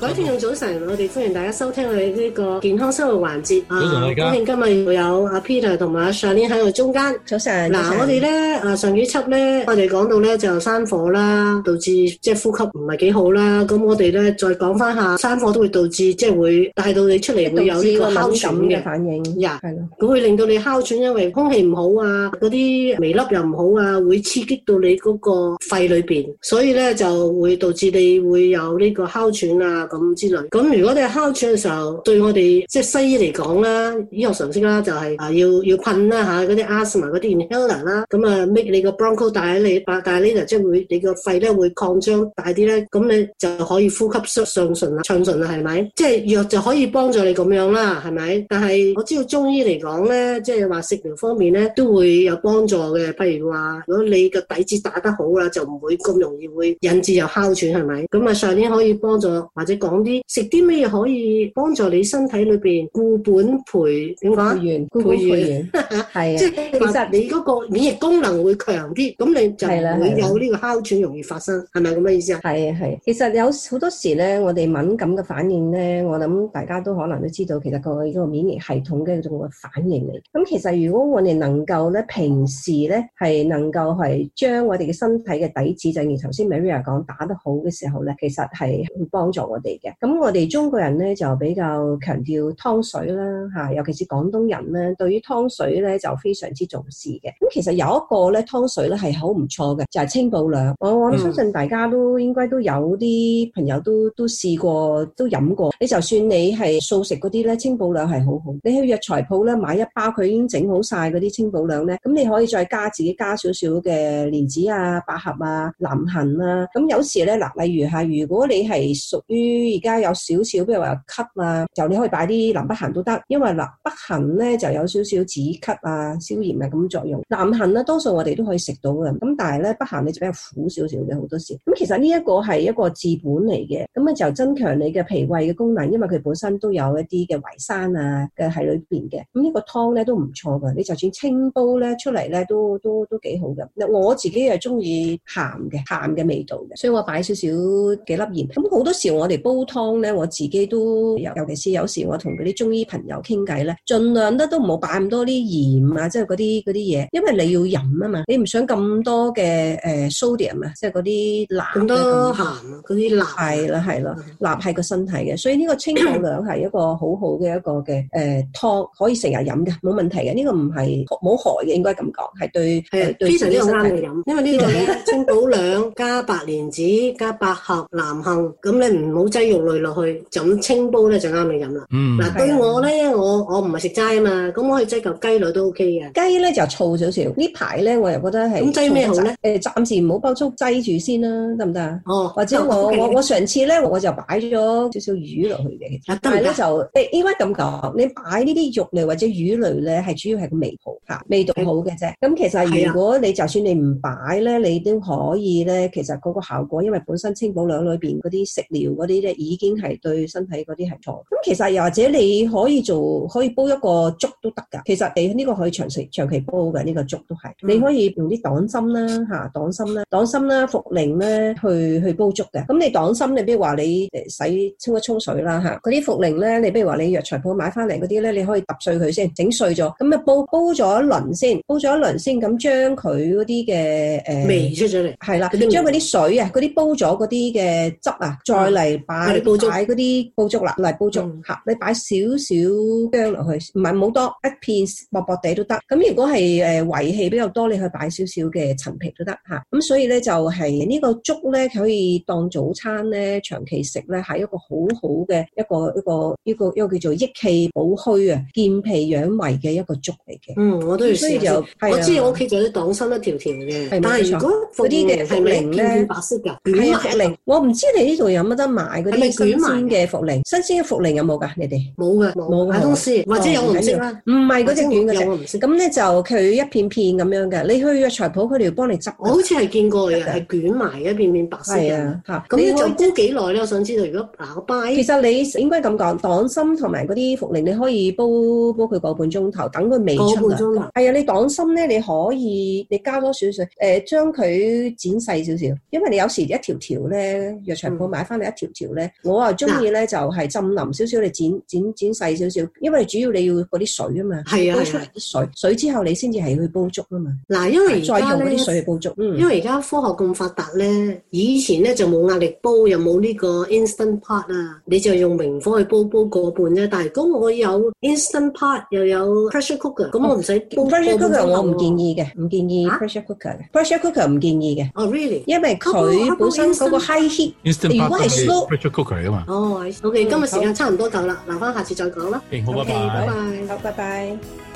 各位聽眾早晨，我哋歡迎大家收聽我哋呢個健康生活環節。早晨，歡迎今日又有阿 Peter 同埋阿 Sharon 喺我哋中間。早晨，嗱我哋咧，啊上幾輯咧，我哋講到咧就山火啦，導致即係呼吸唔係幾好啦。咁我哋咧再講翻下，山火都會導致即係會帶到你出嚟會有呢個哮喘嘅反應。呀，係咯，咁會令到你哮喘，因為空氣唔好啊，嗰啲微粒又唔好啊，會刺激到你嗰個肺裏面，所以咧就會導致你會有呢個哮喘啊。咁之類咁，如果你係哮喘嘅時候，對我哋即係西醫嚟講啦，醫學常識啦，就係啊要要噴啦嚇，嗰啲 asthma 嗰啲 inhaler 啦，咁啊 make 你個 broncho 大啲，你大 dilate 即係會你個肺咧會擴張大啲咧，咁你就可以呼吸上順啦，上順啦，係咪？即係藥就可以幫助你咁樣啦，係咪？但係我知道中醫嚟講咧，即係話食療方面咧都會有幫助嘅，譬如話如果你個底子打得好啦，就唔會咁容易會引致有哮喘係咪？咁啊上年可以幫助或者。講啲食啲咩嘢可以幫助你身體裏邊固本培點講？固本培元，啊，即係陪其實 你嗰個免疫功能會強啲，咁你就唔會有呢個哮喘容易發生，係咪咁嘅意思啊？係啊係，其實有好多時咧，我哋敏感嘅反應咧，我諗大家都可能都知道，其實佢嗰個免疫系統嘅一種嘅反應嚟。咁其實如果我哋能夠咧，平時咧係能夠係將我哋嘅身體嘅底子，就如、是、頭先 Maria 講打得好嘅時候咧，其實係會幫助我哋。咁，我哋中國人呢，就比較強調湯水啦，尤其是廣東人呢，對於湯水呢，就非常之重視嘅。咁其實有一個呢，湯水呢係好唔錯嘅，就係清補涼。我我相信大家都應該都有啲朋友都都試過都飲過。你就算你係素食嗰啲呢，清補涼係好好。你去藥材鋪呢買一包，佢已經整好晒嗰啲清補涼呢。咁你可以再加自己加少少嘅蓮子啊、百合啊、南杏啊。咁有時呢，嗱，例如嚇，如果你係屬於而家有少少，比如話有咳啊，就你可以擺啲南北杏都得，因為南北杏咧就有少少止咳啊、消炎啊咁作用。南杏咧，多數我哋都可以食到嘅，咁但係咧，北杏你就比較苦少少嘅，好多時。咁其實呢一個係一個治本嚟嘅，咁啊就增強你嘅脾胃嘅功能，因為佢本身都有一啲嘅淮山啊嘅喺裏邊嘅。咁呢個湯咧都唔錯噶，你就算清煲咧出嚟咧都都都幾好噶。我自己係中意鹹嘅鹹嘅味道嘅，所以我擺少少幾粒鹽。咁好多時候我哋煲。煲湯咧，我自己都尤其是，有時我同嗰啲中醫朋友傾偈咧，盡量得都唔好擺咁多啲鹽啊，即係嗰啲嗰啲嘢，因為你要飲啊嘛，你唔想咁多嘅誒、呃、sodium 啊，即係嗰啲鈉咁多鹹啊，嗰啲鈉係啦係咯，鈉係、嗯、個身體嘅，所以呢個清補涼係一個好好嘅一個嘅誒湯，可以成日飲嘅，冇問題嘅，呢、這個唔係冇害嘅，應該咁講，係對係非常之啱嘅飲，的因為呢個清補涼加白蓮子加百合南杏，咁你唔好。雞肉類落去就咁清煲咧就啱你飲啦。嗯，嗱、啊、對我咧，我我唔係食齋啊嘛，咁我可以擠嚿雞類都 OK 嘅。雞咧就燥少少。呢排咧我又覺得係、嗯。咁擠咩好咧？誒，暫時唔好包粗擠住先啦，得唔得啊？行行哦。或者我、哦 okay、我我上次咧我就擺咗少少魚落去嘅。啊、行行但係咧就誒應該咁講，你擺呢啲肉類或者魚類咧，係主要係個味道，嚇，味道好嘅啫。咁、欸嗯、其實如果你就算你唔擺咧，啊、你都可以咧，其實嗰個效果，因為本身清補涼裏邊嗰啲食料嗰啲已經係對身體嗰啲係錯。咁其實又或者你可以做，可以煲一個粥都得㗎。其實你呢個可以長食長期煲嘅呢個粥都係、嗯啊。你可以用啲黨參啦嚇，黨參啦，黨參啦，茯苓咧去去煲粥嘅。咁你黨參，你比如話你洗清一沖水啦嚇。嗰啲茯苓咧，你比如話你藥材鋪買返嚟嗰啲咧，你可以揼碎佢先，整碎咗。咁咪煲煲咗一輪先，煲咗一輪先咁將佢嗰啲嘅誒味出咗嚟。係啦，你將佢啲水啊，嗰啲煲咗嗰啲嘅汁啊，再嚟。放你擺嗰啲煲粥啦，嚟煲粥嚇、嗯，你擺少少姜落去，唔係冇多一片薄薄地都得。咁如果係誒胃氣比較多，你去擺少少嘅陳皮都得嚇。咁所以咧就係呢個粥咧，可以當早餐咧，長期食咧係一個好好嘅一個一個呢個一個,一個叫做益氣補虛啊，健脾養胃嘅一個粥嚟嘅。嗯，我都要試下。所以就我知我屋企仲有黨蔘一條條嘅。係冇錯。嗰啲嘅係茯苓片白色㗎，係茯苓是。我唔知你呢度有乜得買。係咪捲埋嘅茯苓？新鮮嘅茯苓有冇噶？你哋冇嘅，冇嘅。公司或者有紅色啦，唔係嗰隻捲嗰隻。咁咧就佢一片片咁樣嘅。你去藥材鋪，佢哋幫你執。我好似係見過嘅，係捲埋一片片白色嘅。嚇，咁我煲幾耐咧？我想知道，如果攪拜。其實你應該咁講，黨蔘同埋嗰啲茯苓，你可以煲煲佢個半鐘頭，等佢未出個半鐘頭。係啊，你黨蔘咧，你可以你加多少少，誒，將佢剪細少少，因為你有時一條條咧，藥材鋪買翻嚟一條條。咧，我啊鍾意咧就係浸腍少少，你剪剪剪細少少，因為主要你要嗰啲水啊嘛，煲出啲水，水之後你先至係去煲粥啊嘛。嗱，因為再用啲水去煲粥。因為而家科學咁發達咧，以前咧就冇壓力煲，又冇呢個 instant pot 啊，你就用明火去煲煲個半啫。但係咁我有 instant pot 又有 pressure cooker，咁我唔使煲，我唔建議嘅，唔建議 pressure cooker 嘅。pressure cooker 唔建議嘅。哦，really？因為佢本身嗰個 high heat，如果係 slow 出 call 佢啊嘛！哦，OK，今日時間差唔多夠啦，留翻下次再講啦。OK，拜拜，拜拜，好，拜拜。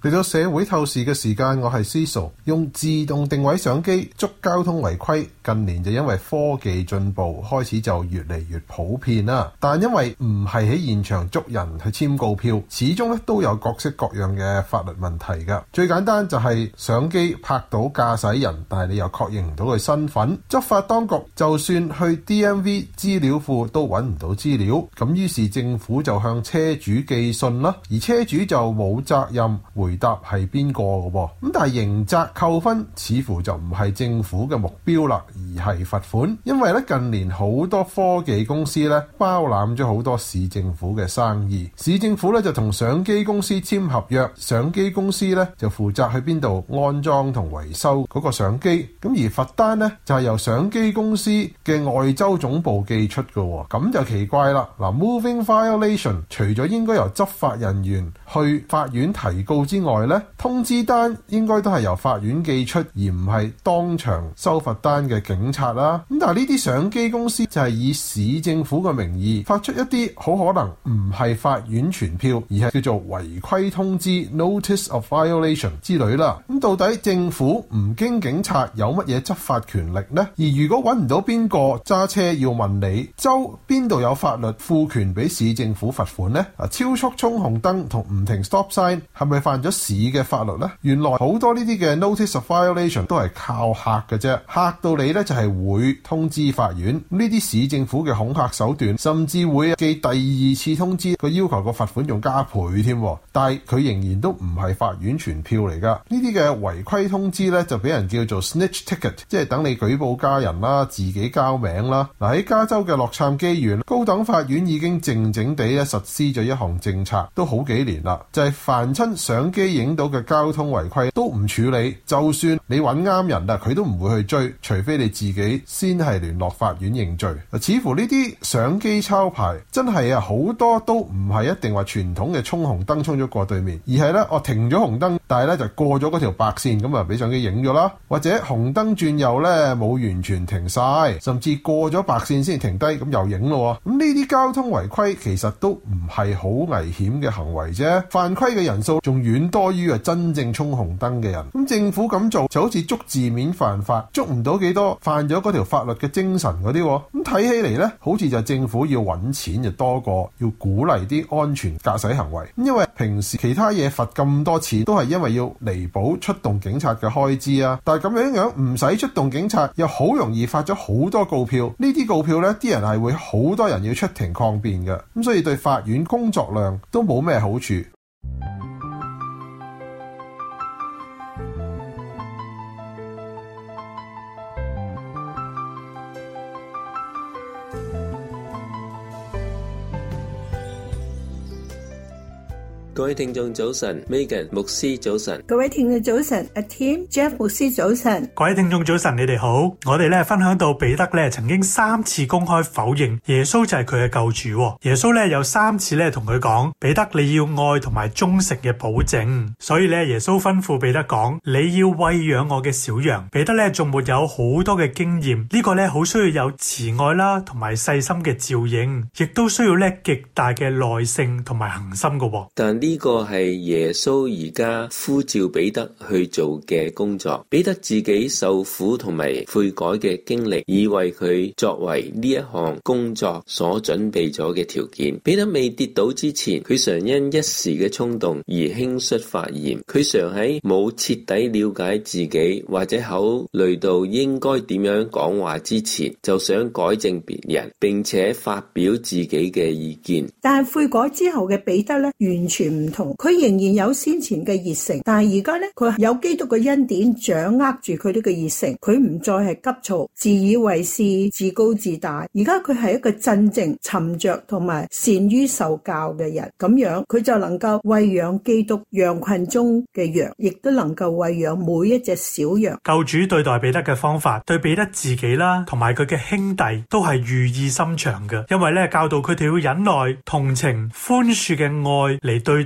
嚟到社會透視嘅時間，我係 Cecil。用自動定位相機捉交通違規。近年就因為科技進步，開始就越嚟越普遍啦。但因為唔係喺現場捉人去簽告票，始終咧都有各式各樣嘅法律問題㗎。最簡單就係、是、相機拍到駕駛人，但係你又確認唔到佢身份。執法當局就算去 DMV 資料庫都揾唔到資料，咁於是政府就向車主寄信啦。而車主就冇責任回。回答係邊個嘅噃？咁但係刑責扣分似乎就唔係政府嘅目標啦，而係罰款。因為咧近年好多科技公司咧包攬咗好多市政府嘅生意，市政府咧就同相機公司簽合約，相機公司咧就負責去邊度安裝同維修嗰個相機。咁而罰單呢就係、是、由相機公司嘅外州總部寄出嘅，咁就奇怪啦。嗱，moving violation 除咗應該由執法人員去法院提告之，之外咧，通知單應該都係由法院寄出，而唔係當場收罰單嘅警察啦。咁但係呢啲相機公司就係以市政府嘅名義發出一啲好可能唔係法院傳票，而係叫做違規通知 （notice of violation） 之類啦。咁到底政府唔經警察有乜嘢執法權力咧？而如果揾唔到邊個揸車要問你，州邊度有法律賦權俾市政府罰款咧？啊，超速、衝紅燈同唔停 stop sign 係咪犯咗？市嘅法律呢，原來好多呢啲嘅 notice of violation 都係靠嚇嘅啫，嚇到你呢，就係、是、會通知法院。呢啲市政府嘅恐嚇手段，甚至會寄第二次通知，佢要求個罰款用加倍添。但係佢仍然都唔係法院傳票嚟噶。呢啲嘅違規通知呢，就俾人叫做 snitch ticket，即係等你舉報家人啦、自己交名啦。嗱喺加州嘅洛杉磯縣，高等法院已經靜靜地咧實施咗一項政策，都好幾年啦，就係、是、凡親想。機影到嘅交通違規都唔處理，就算你揾啱人啦，佢都唔會去追，除非你自己先係聯絡法院認罪。似乎呢啲相機抄牌真係啊，好多都唔係一定話傳統嘅衝紅燈衝咗過對面，而係呢，我停咗紅燈，但係呢就過咗嗰條白線，咁啊俾相機影咗啦，或者紅燈轉右呢冇完全停晒，甚至過咗白線先停低，咁又影咯。咁呢啲交通違規其實都唔係好危險嘅行為啫，犯規嘅人數仲遠。多於啊真正衝紅燈嘅人，咁政府咁做就好似捉字面犯法，捉唔到幾多，犯咗嗰條法律嘅精神嗰啲，咁睇起嚟呢，好似就政府要揾錢就多過要鼓勵啲安全駕駛行為，因為平時其他嘢罰咁多錢都係因為要彌補出動警察嘅開支啊，但係咁樣樣唔使出動警察，又好容易發咗好多告票，呢啲告票呢，啲人係會好多人要出庭抗辯嘅，咁所以對法院工作量都冇咩好處。各位聽眾早晨，Megan 牧師早晨，各位聽眾早晨，A team Jeff 牧師早晨，各位聽眾早晨，你哋好，我哋咧，分享到彼得咧，曾經三次公開否認耶穌就係佢嘅救主，耶穌咧有三次咧同佢講，彼得你要愛同埋忠誠嘅保證，所以咧耶穌吩咐彼得講，你要餵養我嘅小羊，彼得咧仲沒有好多嘅經驗，呢個咧好需要有慈愛啦，同埋細心嘅照應，亦都需要咧極大嘅耐性同埋恒心嘅，但係呢。呢個係耶穌而家呼召彼得去做嘅工作。彼得自己受苦同埋悔改嘅經歷，以為佢作為呢一項工作所準備咗嘅條件。彼得未跌倒之前，佢常因一時嘅衝動而輕率發言；佢常喺冇徹底了解自己或者考慮到應該點樣講話之前，就想改正別人，並且發表自己嘅意見。但係悔改之後嘅彼得呢，完全，唔同，佢仍然有先前嘅熱誠，但係而家呢，佢有基督嘅恩典掌握住佢呢個熱誠，佢唔再係急躁、自以為是、自高自大。而家佢係一個鎮靜、沉着同埋善於受教嘅人，咁樣佢就能夠餵養基督羊群中嘅羊，亦都能夠餵養每一隻小羊。救主對待彼得嘅方法，對彼得自己啦，同埋佢嘅兄弟，都係寓意深長嘅，因為咧教導佢哋要忍耐、同情、寬恕嘅愛嚟對。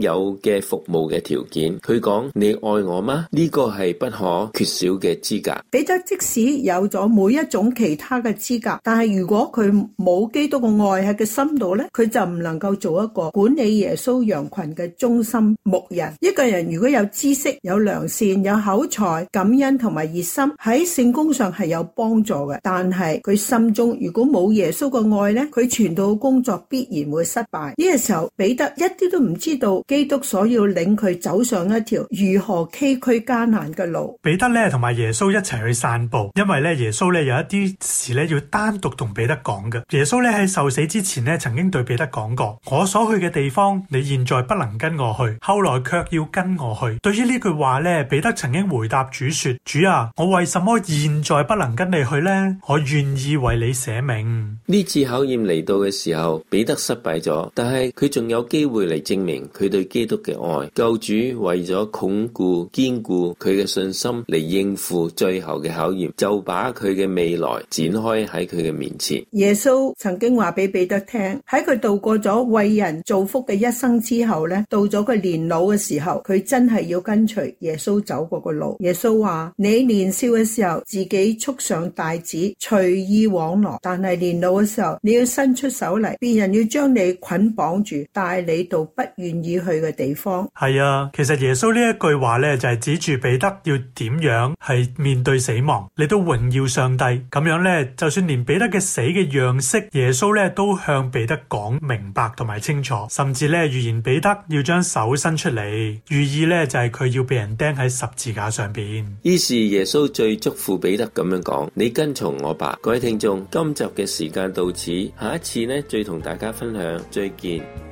有嘅服務嘅條件，佢講你愛我嗎？呢個係不可缺少嘅資格。彼得即使有咗每一種其他嘅資格，但係如果佢冇基督嘅愛喺佢心度呢，佢就唔能夠做一個管理耶穌羊群嘅忠心牧人。一個人如果有知識、有良善、有口才、感恩同埋熱心，喺聖工上係有幫助嘅。但係佢心中如果冇耶穌嘅愛呢，佢傳道工作必然會失敗。呢、這個時候，彼得一啲都唔知道。基督所要領佢走上一條如何崎嶇艱難嘅路，彼得咧同埋耶穌一齊去散步，因為咧耶穌咧有一啲事咧要單獨同彼得講嘅。耶穌咧喺受死之前咧曾經對彼得講過：我所去嘅地方，你現在不能跟我去，後來卻要跟我去。對於呢句話咧，彼得曾經回答主說：主啊，我為什麼現在不能跟你去呢？我願意為你捨命。呢次考驗嚟到嘅時候，彼得失敗咗，但係佢仲有機會嚟證明。佢對基督嘅愛，救主為咗鞏固、堅固佢嘅信心嚟應付最後嘅考驗，就把佢嘅未來展開喺佢嘅面前。耶穌曾經話俾彼得聽，喺佢度過咗為人造福嘅一生之後呢，到咗佢年老嘅時候，佢真係要跟隨耶穌走嗰個路。耶穌話：你年少嘅時候，自己束上帶子，隨意往來；但係年老嘅時候，你要伸出手嚟，別人要將你捆綁住，帶你到不願意。以去嘅地方係啊，其實耶穌呢一句話呢，就係指住彼得要點樣係面對死亡，你都榮耀上帝。咁樣呢，就算連彼得嘅死嘅樣式，耶穌呢都向彼得講明白同埋清楚，甚至呢預言彼得要將手伸出嚟，寓意呢就係佢要俾人釘喺十字架上邊。於是耶穌最囑咐彼得咁樣講：你跟從我吧。各位聽眾，今集嘅時間到此，下一次呢，再同大家分享，再見。